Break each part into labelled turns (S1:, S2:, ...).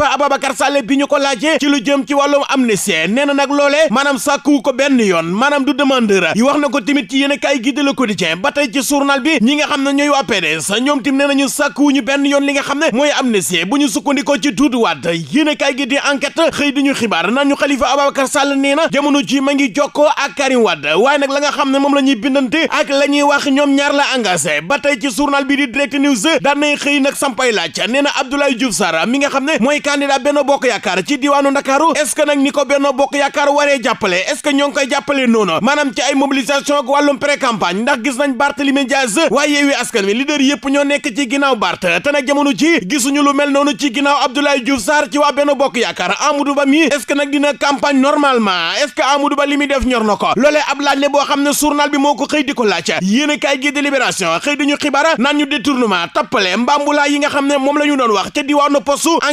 S1: Khalifa Ababacar Sall bi ñu ko laajee ci lu jëm ci wàllum amnistie nee na nag loolee maanaam sàkku ko benn yoon maanaam du demandeur yi wax na ko tamit ci yéen a kaay gi de Le Quotidien ba tey ci journal bi ñi nga xam ne ñooy waa PDS ñoom tim nee nañu sàkku ñu benn yoon li nga xam ne mooy amnistie bu ñu sukkandikoo ci Doudou Wade yéen a kaay gi xëy di ñu xibaar na ñu Khalifa Ababacar Sall nee na jamono ji ma ngi jokkoo ak Karim Wade waaye nag la nga xam ne moom la ñuy bindante ak la ñuy wax ñoom ñaar la engagé ba tey ci bi di Direct News daan nay xëy nag sampay laaj nee na Abdoulaye Diouf Sarr mi nga xam ne mooy candidat Benno Bokk Yaakaar ci diwaanu Ndakaaru est-ce que nag Bokk Yaakaar waree jàppale est-ce que ñoo noonu maanaam ci ay mobilisation ak wàllum pré-campagne ndax gis nañ Barthélémy Dias waaye Yewwi Askan Wi leader yëpp ñoo ci ginnaaw Barth te nag jamono ci gisuñu lu mel noonu ci ginnaaw Abdoulaye Diouf Sarr ci waa Benno Bokk Yaakaar Amadou Ba mi est-ce que nag dina campagne normalement est-ce def ñor na ab laaj la xam ne journal a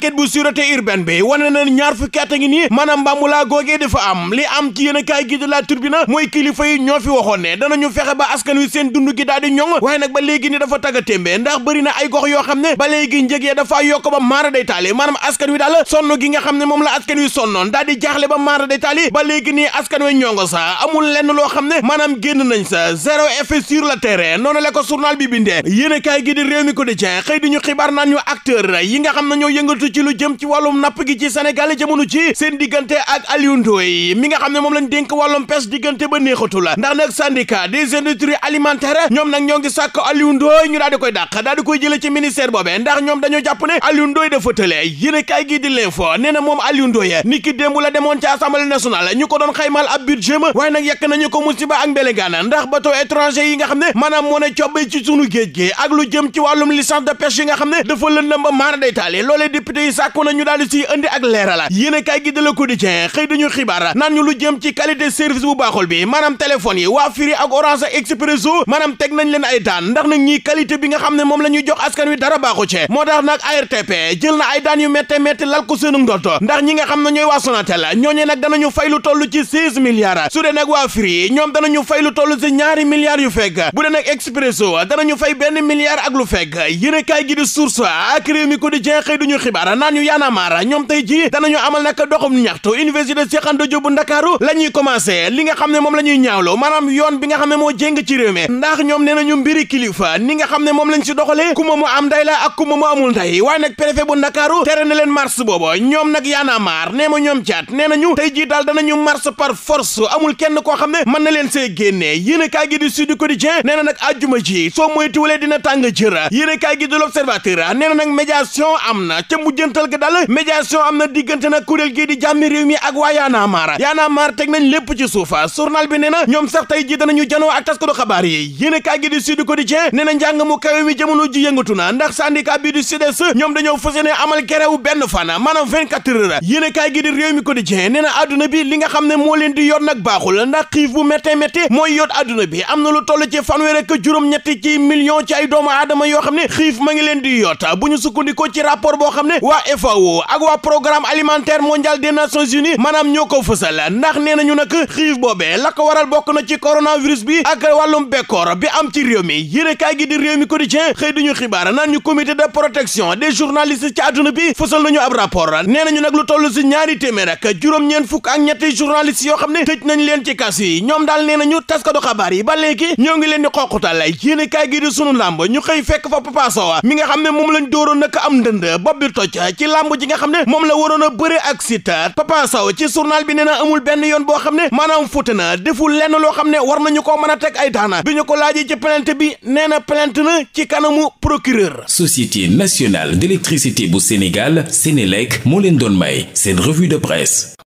S1: kaay gi sûreté urbaine bi wane na ñaar fukki at a ngi nii maanaam mbàmbulaa googee dafa am li am ci yéen a kaay la turbine mooy kilifa yi ñoo fi waxoon ne danañu fexe ba askan wi seen dund gi daal di ñoŋ waaye ba léegi ni dafa tagga témbee ndax bëri ay gox yoo xam ne ba léegi njëg ya dafa yokk ba maara day taali maanaam askan wi daal sonn gi nga xam ne moom la askan wi sonnoon daal jaaxle ba maara day taali ba léegi nii askan wi ñongo sa amul lenn loo xam ne maanaam a jëm ci wàllum napp gi ci Sénégal jamono ji seen diggante ak Aliou Ndoye mi nga xam ne moom lañ dénk wàllum pêche diggante ba néexatu la ndax nag syndicat des industries alimentaires ñoom nag ñoo ngi sàkk Aliou ñu daal koy dàq daal koy jëlee ci ministère boobee ndax ñoom dañoo jàpp ne Aliou Ndoye dafa tële gi di l'info nee na moom Aliou Ndoye ni ki démb la demoon ñu ko doon xaymal ab budget ma waaye nag yàq nañu ko musiba ak mbelengaana ndax jàppoon na ñu daal di siy indi ak leerala yéenekaay gi de Le Quotidien xëy dañu xibaar naan ñu lu jëm ci qualité service bu baaxul bi maanaam téléphone yi waa Free ak Orange ak Expresso maanaam teg nañ leen ay daan ndax nag ñi qualité bi nga xam ne moom la ñuy jox askan wi dara baaxu ci moo tax nag ARTP jël na ay daan yu métte métte lal ko seenu ndotto ndax ñi nga xam ne ñooy waa Sonatel ñooñee nag danañu fay lu toll ci seize milliards su dee nag waa Free ñoom danañu fay lu toll ci ñaari milliards yu fekk bu dee nag Expresso danañu fay benn milliard ak lu fekk yéenekaay gi di Source ak Rewmi yaanamaara ñoom tey ji danañu amal nag doxum ñaxtu université Cheikh Anta bu Ndakaaru la ñuy commencé li nga xam ne moom la ñuy ñaawlo maanaam yoon bi nga xam ne moo jéng ci réew mi ndax ñoom nee nañu mbiri kilifa ni nga xam moom lañ si doxale kumba mu am nday la ak kumba amul nday waaye nag préfet bu Ndakaaru tere na leen mars booba ñoom nag yaanamaar nee ma ñoom caat nee nañu tey ji daal danañu mars par amul kenn koo xam ne mën na leen see génnee yéen a kaay gi di Sud Quotidien na nag àjjuma ji soo moytuwulee di L'Observateur nee na nag médiation dal médiation am na diggante na kuréel gii di jàmmi réew mi ak waa yaanaa maara yaana maara teg nañ lépp ci suufa journal bi nee na ñoom sax tey ji danañu janoo ak taskatu xabaar yi yéen kaay gi di Sud Quotidien nee na njàng mu kawe mi ji yëngatu na ndax syndicat bii di SUDES ñoom dañoo fas yéene amal gerew benn fan maanaam 24 heures yéen kaay gi di réew mi Quotidien nee na àdduna bi li nga xam ne moo leen di yoot nag baaxul ndax xiif bu méttee méttee mooy yoot àdduna bi am na lu toll ci fanweer ak ñetti ci million ci ay doomu aadama yoo xam ne xiif ma ngi leen di yoota bu ñu sukkandikoo ci rapport boo xam ne waa FAO ak waa programme alimentaire mondial des nations unies maanaam ñoo ko fësal ndax nee nañu nag xiif boobee la waral bokk na ci coronavirus bi ak wàllum bekkoor bi am ci réew mi yéene kaay gi di réew mi quotidien xëy duñu xibaar naan ñu comité de protection des journalistes ci àdduna bi fësal nañu ab rapport nee nañu nag lu toll si ñaari téeméer ak juróom-ñeent fukk ak ñetti journalistes yoo xam ne tëj nañ leen ci kaso yi ñoom daal nee ñoo leen di xooqutal yéene kaay ñu xëy fekk fa xam ne moom lañ dóoroon nag làmb ji nga xam ne moom la waroon a bëre ak Siteu Papa Sow ci journal bi nee na amul benn yoon boo xam ne maanaam fuute na deful lenn loo xam ne war nañu ko mën a teg ay daana bi ñu ko laajee ci plainte bi nee na plainte na ci kanamu procureur Société nationale d'électricité bu Sénégal Sénélec moo leen doon may seen revue de presse